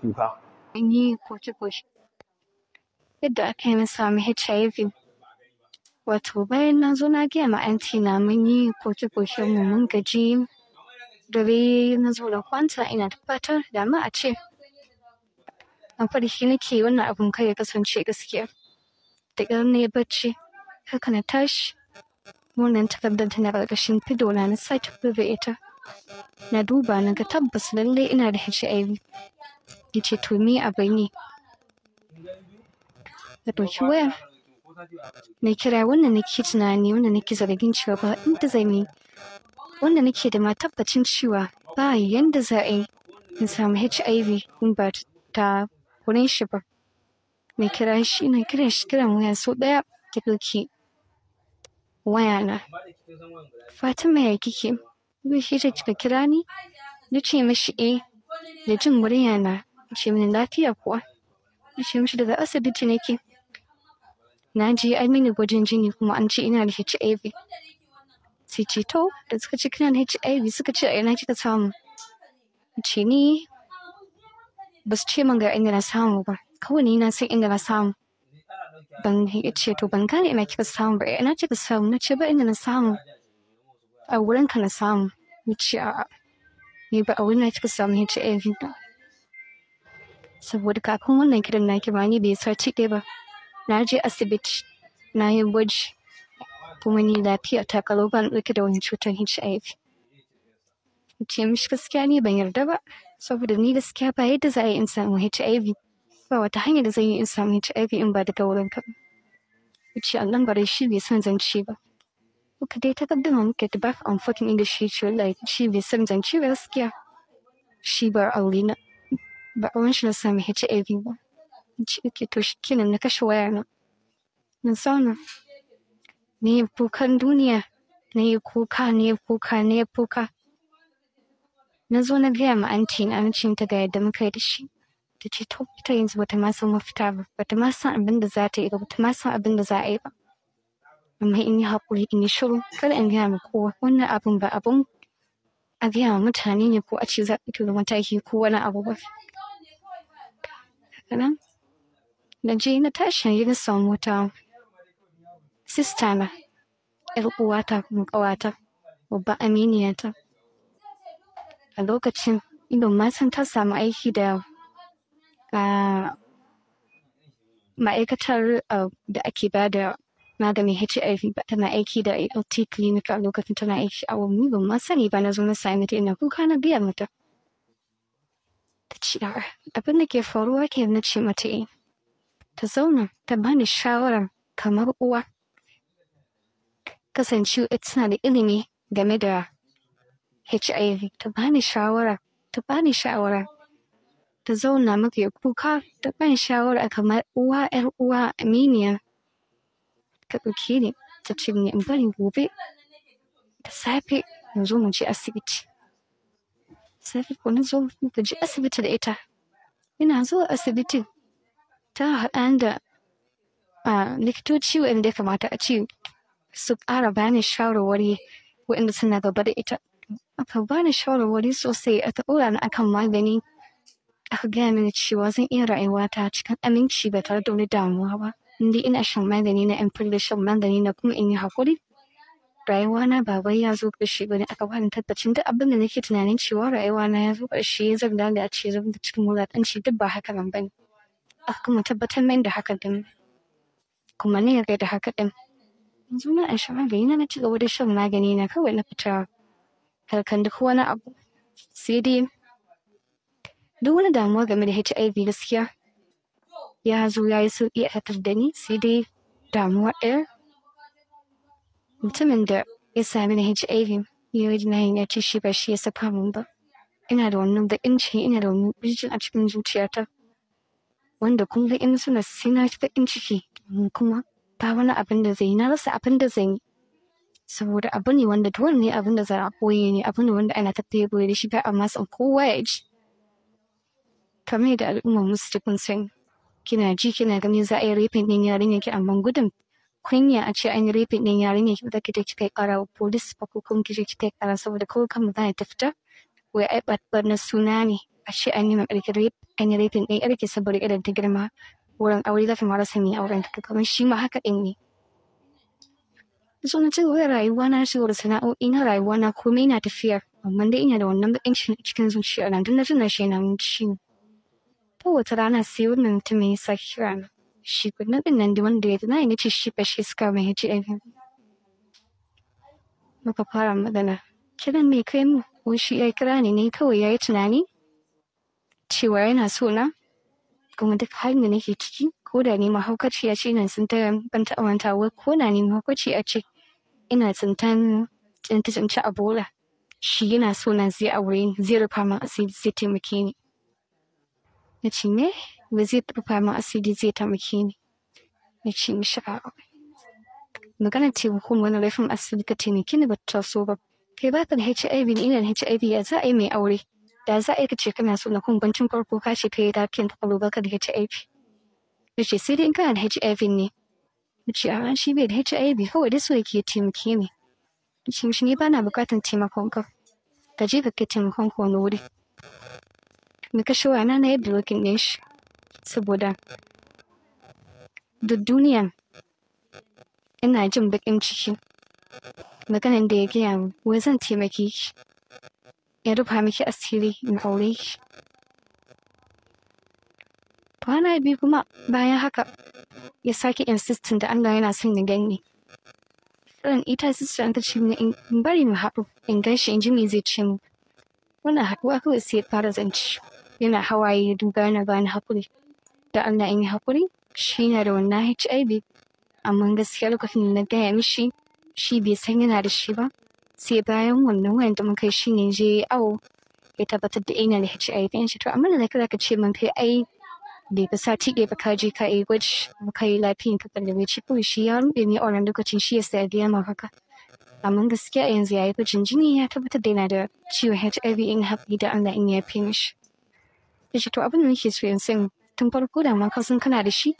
kuka. An yi kwace-kwace yadda aka yi na sami HIV. Wato bayan na zo na gaya ma anti na mun yi kwace-kwace mu mun gaji dare na zo da kwanta ina tabbatar da ma a ce. Na farki nake wannan abun kai ya kasance gaskiya. Da ƙyar ne bacci haka na tashi. Munan takardar tana ƙarƙashin fidona na site sake Na duba na ga tabbas lallai ina da HIV. ya ce to me abin ne? na ɗauki waya na kira wanda nake tunani wanda nake zargin cewa ba inda zan yi wanda nake da ma tabbacin cewa ba yanda za a yi in samu HIV in ba ta wurin shi ba na kira shi na kira shi kira waya sau ɗaya ta ɗauki waya na Fatima ya kike shi ta kika kira ni na ce mashi eh da jin murya na ce mini lafiya kuwa na ce mishi daga asibiti nake na ji an mini gwajin jini kuma an ce ina da HIV sai ce to da suka ce kina da HIV suka ce a ina kika samu ce ni ba su ce man ga inda na samu ba kawai ni na san inda na samu ban ce to ban gane ina kika samu ba ina kika samu na ce ba inda na samu a wurin ka na samu ni ce a ni ba a wurin na kika samu HIV ba saboda kafin wannan kiran na ba ni bai sa ɗaya ba na je asibiti na yi gwaji kuma ni lafiya ta kalau ban ɗauke da wani cutar HIV. Ce mishi gaskiya ni ban yarda ba saboda ni gaskiya ba yadda za a yi in samu HIV ba wata hanyar da zan yi in samu HIV in ba daga wurin ka. Ce Allah bare shi bai son zance ba. Muka dai takaddama muka ta back fa forth ne inda shi ce wallahi shi bai son zance ba gaskiya. Shi bar aure na. ba a shi na sami HIV ba in ke to shi kenan na kashe waya na na zauna na yi kukan duniya na yi kuka na yi kuka na yi kuka na zo na gaya ma anti na ci ta ga yadda muka yi da shi ta ce to ita yanzu bata ma san mafita ba bata ma san abin da za ta yi ba bata ma san abin da za a yi ba amma in yi haƙuri in yi shiru kada in gaya ma kowa wannan abin ba abin a gaya ma mutane ne ko a ce za a da mataki ko wani abu ba kaɗan da ji na tashin yin son wuta sistana sista na ƴar uwata ƙawata babba aminiyata a lokacin idon ma san ta samu aiki da ma'aikatar da ake ba da maganin HIV ba tana aiki da ALT clinic a lokacin tana aiki a wani ban ma sani ba na zo na sami ta ina kuka na biya mata ta ce abin da ke faruwa ke na ce mata yi. Eh, ta zauna ta bani shawarar kamar uwa kasance tana da ilimi game da HIV ta bani shawara ta bani shawara ta zauna maka ya kuka ta bani shawara kamar uwa yar uwa aminiya ta ɗauke ni ta ce ni in bari gobe da safe mu zo mu je asibiti safe ko na zo ta je asibiti da ita ina zuwa asibitin ta haɗa da likitoci wanda ya kamata a ce su ƙara bani shawarwari waɗanda suna gaba da ita aka bani shawarwari sosai a ɗora ni akan magani aka gaya mini cewa zan iya rayuwata cikin aminci ba tare da wani damuwa ba inda ina shan magani na amfani da shan magani na kuma in yi haƙuri rayuwa na ba wai ya zo ƙarshe bane aka ni tabbacin duk abin da nake tunanin cewa rayuwa na ya zo ƙarshe zan dage a ce zan da cikin wulaƙanci duk ba haka nan bane a kuma tabbatar mai da haka din kuma ne ga da haka din yanzu na an sha magani na ci gaba da shan magani na kawai na fita harkan duk wani abu sai dai duk wani damuwa game da HIV gaskiya ya zo ya yi sauƙi a tattar da ni sai dai damuwa ɗaya mutumin da ya sami na HIV ya yi denying ya ce shi ba shi ya saka min ba ina da wannan baƙin ciki ina da wannan bijin a cikin zuciyata wanda kun ga in suna sai na ci baƙin ciki kuma ba wani abin da zai yi na rasa abin da zan yi saboda abu ne wanda dole ne abin da za a koye ne abu ne wanda ana tafiye boye da shi ba amma san kowa ya ji Kame da al'umma musu cikin sani kina ji kina gani za a yi rafin yin yarinyar ki amma gudun kunya a ce an yi rafin ɗin yarinya ki da kije kika yi ƙara wa polis ba ko kuma kije kika yi ƙara saboda ko kan ba ta tafita. wai ai ba na suna ne a ce an yi ma ƙarfi an yi rafin ɗin ƙarƙi saboda irin ta girma wurin aure zafi mara sami auren ta kamar shi ma haka ɗin ne. Sunan cewa rayuwa na shigar sana'o'i na rayuwa na komai na tafiyar amma dai ina da wannan baƙin cikin zuciya na tun na tuna shi na mun ciwo. Ta wata rana sai wannan mutum ya sake kira na. shi kunna din nan wanda ya tuna in ce shi fashe suka mai ya ce muka fara magana kiran mai kai mu ko shi ya kira ni ne kawai ya yi tunani cewa yana so na kuma duk da nake ciki ko da ni mahaukaciya ce ko da ni mahaukaciya ce tsintan a bola shi yana so na zai aure ni zai rufa min asiri sai taimake ni na ci ne ba zai rufa min asiri zai taimake ni ya ce mishi magana ce taimakon wani laifin asiri ka taimake ni ba ta taso ba kai ba ka da HIV ni ina da HIV ya za a yi mai aure da za a yi ka ce kana so na kumbancin farko ka ce kai lafiyan ka ba baka da HIV ya ce sai dai in kana da HIV ne ya ce a'a shi bai da HIV kawai dai so yake taimake ni ya ce shi ne ba na buƙatar taimakon ka ka je ka kai taimakon ka wani wuri. Me kashe wa na na yadda lokin shi. saboda duk duniya ina jin baƙin ciki maganan da ya gaya min wai zan taimake shi in rufa miki asiri in aure ki kwana biyu kuma bayan haka ya sake insistin da Allah yana son ya gani Ɗan ita sister ta ce in bari mu haɗu in ganshi in ji me zai ce mu. Muna haɗuwa kawai sai ya fara zance. Yana hawaye ya duba na bani haƙuri. da Allah in yi haƙuri shi na da wannan HIV amma gaskiya lokacin da na gaya mishi shi bai san yana da shi ba sai bayan wannan wayan da muka yi shi ne je awo ya tabbatar da ina da HIV in shi to amma da zaka ce min kai ai bai fi sati ɗaya ba ka je ka yi gwaji ka yi lafiyan ka kallabe ci kawai shi ya rufe ne a wannan lokacin shi ya sa biya ma haka amma gaskiya a yanzu ya yi gwajin jini ya tabbatar da yana da ciwon HIV in haƙuri da Allah in ya fi mishi. Yace to abin da nake so yanzu tun farko da ma ka kana da shi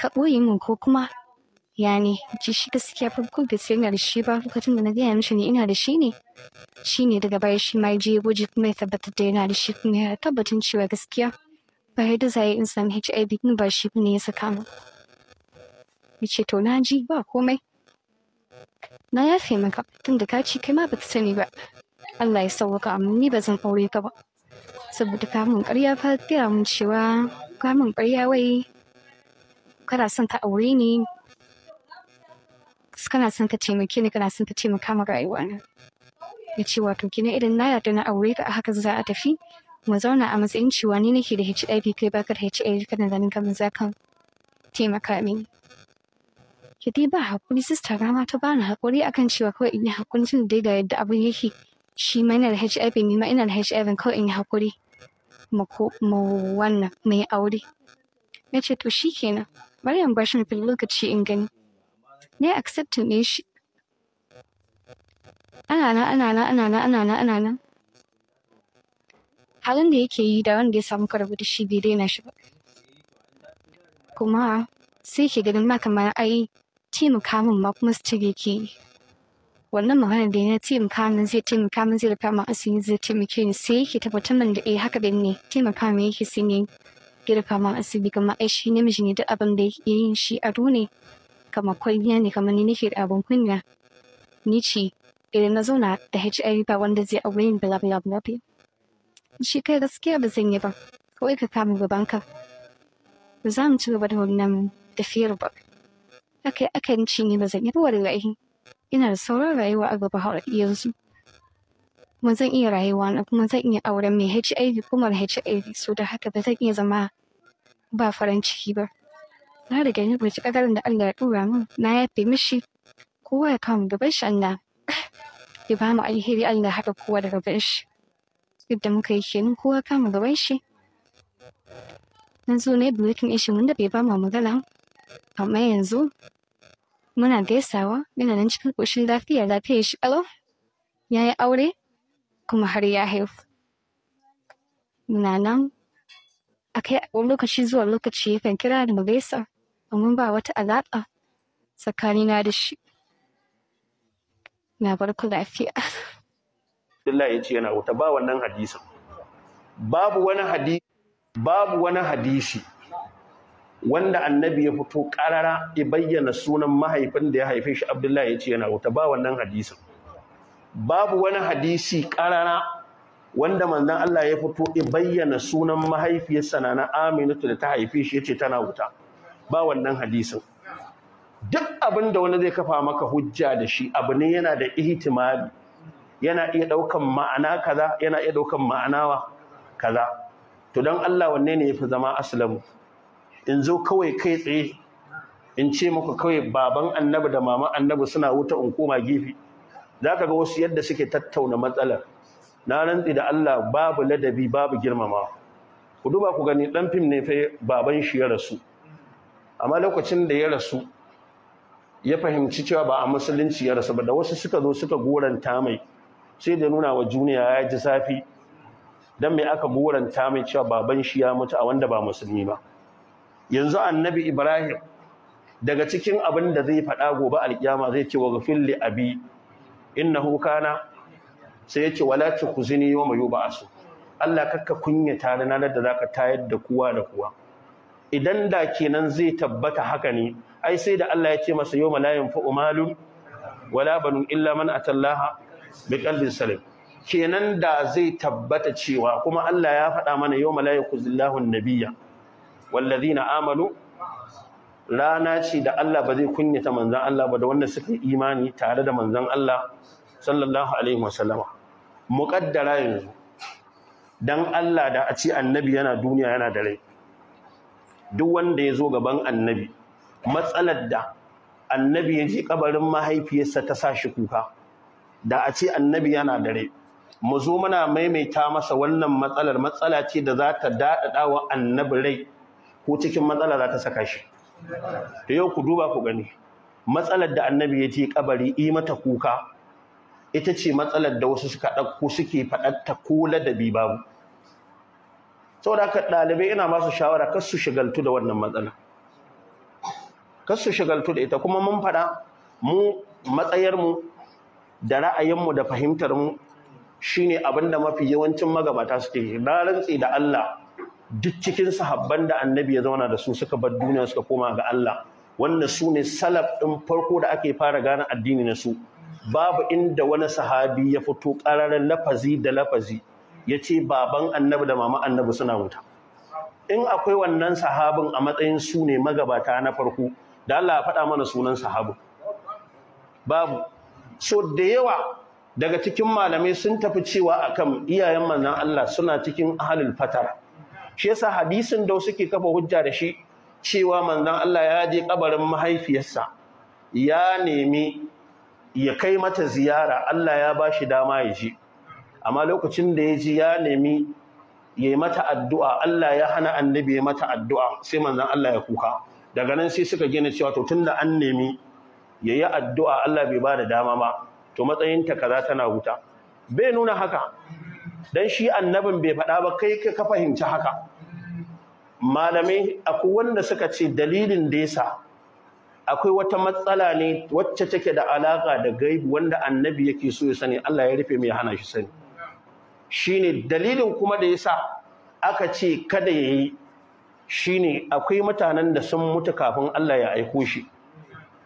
ka ɓoye mun ko kuma ya ne ji shi gaskiya farko da sai na da shi ba lokacin da na gaya mishi ne ina da shi ne shi ne daga baya shi ma je goji kuma ya tabbatar da yana da shi kuma ya tabbatar cewa gaskiya ba yadda za a yi in sami HIV ɗin ba shi ne ya saka min. Ya ce to na ji ba komai. Na yafe maka tun da ka ci kai ma baka sani ba. Allah ya sauwaka amma ni ba zan aure ka ba. Saboda kamun ƙarya fa gaya mun cewa kamun ƙarya wai kana son ka aure ni kana son ka taimake ni kana son ka taimaka ma rayuwa na ya ce wato kina idan na yarda na aure ka a haka za a tafi mu zauna a matsayin cewa ni nake da HIV kai baka da HIV kana ganin kamar za ka taimaka mini ki dai ba hakuri sista na ma ta bani hakuri akan cewa kawai in yi hakuri tun da yadda abin yake shi ma ina da HIV ni ma ina da HIV kawai in yi hakuri mako mu wannan mu yi aure na ce to shikenan bari in bashi mafi lokaci in gani na accepting ɗin shi ana na, ana na, ana na, ana na. ana nan halin da yake yi da wanda ya samu karabu da shi bai daina shi ba kuma sai ke ganin ma kamar ai taimaka min ma kuma su ci ke yi wannan magana da na taimaka min zai taimaka min zai rufa min asiri zai taimake ni sai yake tabbatar min da eh haka din ne taimaka min yake sai ne ya rufa min asiri kamar ai shi namiji ne duk abin da yake yin shi a ne kamar kwalliya ne kamar ni nake da abin kunya ni ce idan na zauna da HIV ba wanda zai aure ni bla bla bla shi kai gaskiya ba zan yi ba kawai ka kama gabanka ba za mu ci gaba da wannan tafiyar ba akai akan ne ba zan yi ba wallahi ina da sauran rayuwa a gaba har yanzu kuma zan iya rayuwa na kuma zan iya auren mai HIV kuma HIV so da haka ba zan iya zama ba farin ciki ba na riga ni bai kadarin da Allah ya dora min na yafe mishi kowa ya kama gaban shi Allah ya ba mu alheri Allah haka kowa da gaban shi yadda muka yi kenan kowa kama gaban shi Yanzu zo na yi bulletin ishin wanda bai ba mu magana amma yanzu muna gaisawa yana nan cikin ƙoshin lafiya lafiya shi ƙalau ya yi aure kuma har ya haihu muna nan kai lokaci zuwa lokaci yakan kira da mu gaisa domin ba wata alaƙa tsakanina da shi na barku lafiya Abdullah ya ce yana wuta ba wannan hadisin babu wani hadisi babu wani hadisi wanda annabi ya fito karara ya bayyana sunan mahaifin da ya haife shi abdullahi ya ce yana wuta ba wannan hadisin babu wani hadisi karara wanda manzon Allah ya fito ya bayyana sunan mahaifiyarsa na Aminatu da ta haife shi yace tana wuta ba wannan hadisin duk abin da wani zai kafa maka hujja da shi abu ne yana da ihtimali yana iya daukan ma'ana kaza yana iya daukan ma'anawa kaza to don Allah wanne ne ya fi zama aslamu in zo kawai kai tsaye in ce muku kawai baban annabi da mama annabi suna wuta in koma gefe za ka ga wasu yadda suke tattauna matsalar na rantsi da Allah babu ladabi babu girmama ku duba ku gani dan fim ne fa baban shi ya rasu amma lokacin da ya rasu ya fahimci cewa ba a musulunci ya rasu ba da wasu suka zo suka goranta mai sai da nuna wa juniya ya ji safi dan me aka goranta mai cewa baban shi ya mutu a wanda ba musulmi ba yanzu annabi ibrahim daga cikin abin da zai faɗa gobe alƙiyama zai ce wa ghafil li abi innahu kana sai ya ce wala tukhzini yawma yub'asu Allah kakka kunyata na ranar da zaka tayar da kuwa da kuwa. idan da kenan zai tabbata haka ne ai sai da Allah ya ce masa yawma la yanfa'u malun wala banun illa man atallaha biqalbin salim kenan da zai tabbata cewa kuma Allah ya faɗa mana yawma la yakhuzillahu an-nabiyya wallazina amanu rana ce da Allah ba zai kunyata manzon Allah ba da wanda suka yi imani tare da manzon Allah sallallahu alaihi wasallama muqaddara yanzu dan Allah da a ce annabi yana duniya yana da rai duk wanda ya zo gaban annabi matsalar da annabi ya ji kabarin mahaifiyarsa ta sa shi kuka da a ce annabi yana da rai mu zo muna maimaita masa wannan matsalar matsala ce da za ta daɗaɗa wa annabi rai ko cikin matsala za ta saka shi da yau ku duba ku gani matsalar da annabi ya je kabari i mata kuka ita ce matsalar da wasu suka ɗauko suke faɗatta ko ladabi babu saboda haka ɗalibai ina masu shawara kar su shigaltu da wannan matsala kar su shigaltu da ita kuma mun faɗa mu matsayarmu da ra'ayinmu da fahimtar mu shine abin da mafi yawancin magabata suke na rantsi da Allah duk cikin sahabban da annabi ya zauna da su suka bar duniya suka koma ga Allah wannan su ne salaf ɗin farko da ake fara gane addini na su babu inda wani sahabi ya fito ƙararren lafazi da lafazi ya ce baban annabi da mama annabi suna wuta in akwai wannan sahabin a matsayin su ne magabata na farko da Allah ya faɗa mana sunan sahabin babu so da yawa daga cikin malamai sun tafi cewa akan iyayen manzon Allah suna cikin ahlul fatara shi yasa hadisin da suke kafa hujja da shi cewa manzon Allah ya je kabarin mahaifiyarsa ya nemi ya kai mata ziyara Allah ya ba shi dama ya ji amma lokacin da ya ji ya nemi ya yi mata addu'a Allah ya hana annabi ya mata addu'a sai manzon Allah ya kuka daga nan sai suka gina cewa to tunda an nemi ya yi addu'a Allah bai ba da dama ba to matsayinta kaza tana wuta bai nuna haka dan shi annabin bai faɗa ba kai ka fahimci haka Malami, akwai wanda suka ce dalilin da yasa akwai wata matsala ne wacce take da alaka da gaibi wanda annabi yake so ya sani Allah ya rufe mai hana shi sani shine dalilin kuma da yasa aka ce kada yayi shine akwai mutanen da sun mutu kafin Allah ya aiko shi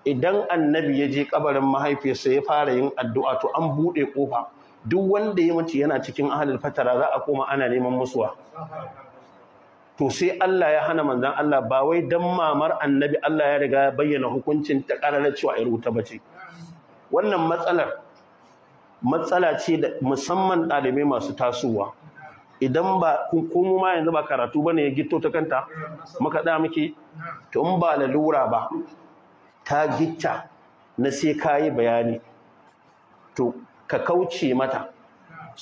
idan annabi ya je kabarin mahaifiyarsa ya fara yin addu'a to an buɗe ƙofa duk wanda ya mace yana cikin ahalin fatara za a koma ana neman musuwa to sai Allah ya hana manzan Allah ba wai dan mamar annabi Allah ya riga bayyana hukuncin ta ƙarar cewa ya rubuta bace wannan matsalar matsala ce da musamman ɗalibai masu tasowa idan ba kuma ma yanzu ba karatu ba ne ya gito ta kanta muka ɗa muke to in ba lalura ba ta gita na sai kayi bayani to ka kauce mata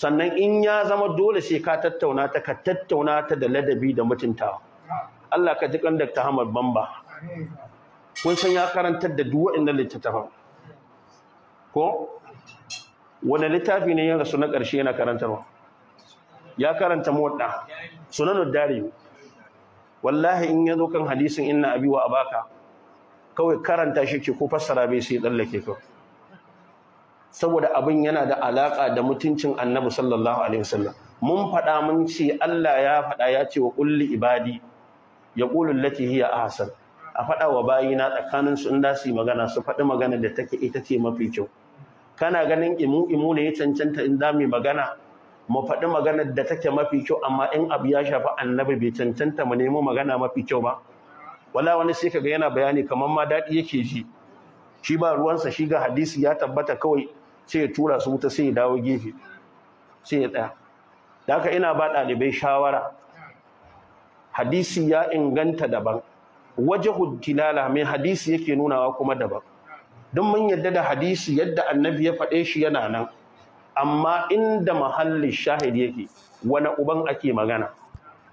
sannan in ya zama dole sai ka tattauna ta ka tattauna ta da ladabi da mutuntawa Allah ka ji kan Dr. Ahmad Bamba kun san ya karantar da duk waɗannan littattafan ko Wani littafi ne ya rasu na ƙarshe yana karantarwa ya karanta muwadda sunanud dari wallahi in ya zo kan hadisin inna abi wa abaka kawai karanta shi ke ko fassara bai sai tsallake kawai saboda abin yana da alaƙa da mutuncin annabi sallallahu alaihi wasallam mun faɗa mun ce Allah ya faɗa ya ce wa kulli ibadi ya qulu allati hiya ahsan a faɗa wa bayina tsakanin su inda su magana su faɗi magana da take ita ce mafi kyau kana ganin imu imu ne ya cancanta in mai mu magana mu faɗi magana da take mafi kyau amma in abu ya shafi annabi bai cancanta mu nemo magana mafi kyau ba wala wani sai kaga yana bayani kamar ma daɗi yake ji shi ba ruwansa shi ga hadisi ya tabbata kawai sai ya tura su wuta sai ya dawo gefe sai ya tsaya da haka ina ba ɗalibai shawara hadisi ya inganta daban Waje tilala mai hadisi yake nunawa kuma daban don mun yadda da hadisi yadda annabi ya faɗe shi yana nan amma inda mahallin shahid yake wani uban ake magana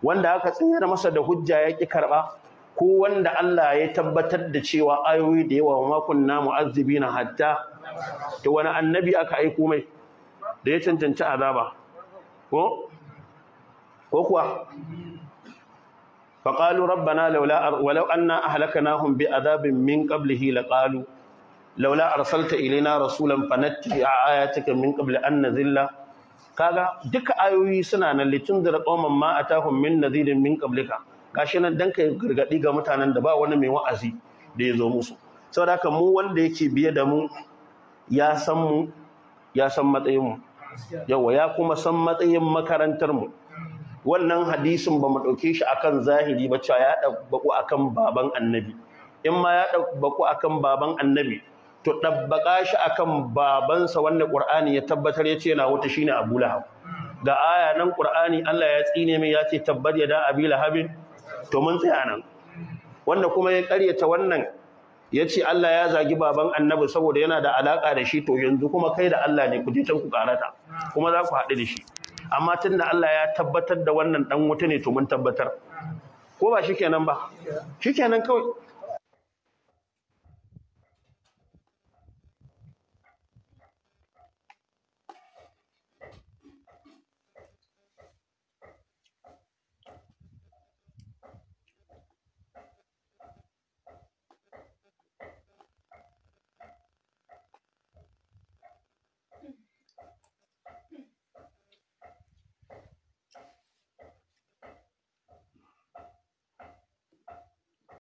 wanda aka tsayar masa da hujja ya ƙi karɓa ko wanda Allah ya tabbatar da cewa ayoyi da yawa makon namu azzibina hatta to wani annabi aka aiko mai da ya cancanci azaba ko ko kuwa faqalu rabbana laula walau anna ahlaknahum bi adabin min qablihi laqalu laula arsalta ilaina rasulan fanatti ayatika min qabli an nazilla kaga duka ayoyi suna nan litun dira qauman ma atahum min nadirin min qablika gashi nan dan kai gargadi ga mutanen da ba wani mai wa'azi da ya zo musu saboda haka mu wanda yake biye da mu ya san mu ya san matsayin mu yawa ya kuma san matsayin makarantar mu wannan hadisin ba mu dauke shi akan zahiri ba cewa ya dabbaku akan baban annabi in ma ya dabbaku akan baban annabi to dabbaka shi akan babansa wanda ƙur'ani ya tabbatar ya ce yana wuta shine Abu Lahab ga aya nan qur'ani Allah ya tsine mai ce tabbar yada abi lahabin to mun tsaya nan wanda kuma ya karyata wannan ya ce Allah ya zagi baban annabi saboda yana da alaka da shi to yanzu kuma kai da Allah ne ku je can ku karata kuma za ku haɗu da shi amma tun da Allah ya tabbatar da wannan dan wuta ne to mun tabbatar ko ba shikenan ba shikenan kawai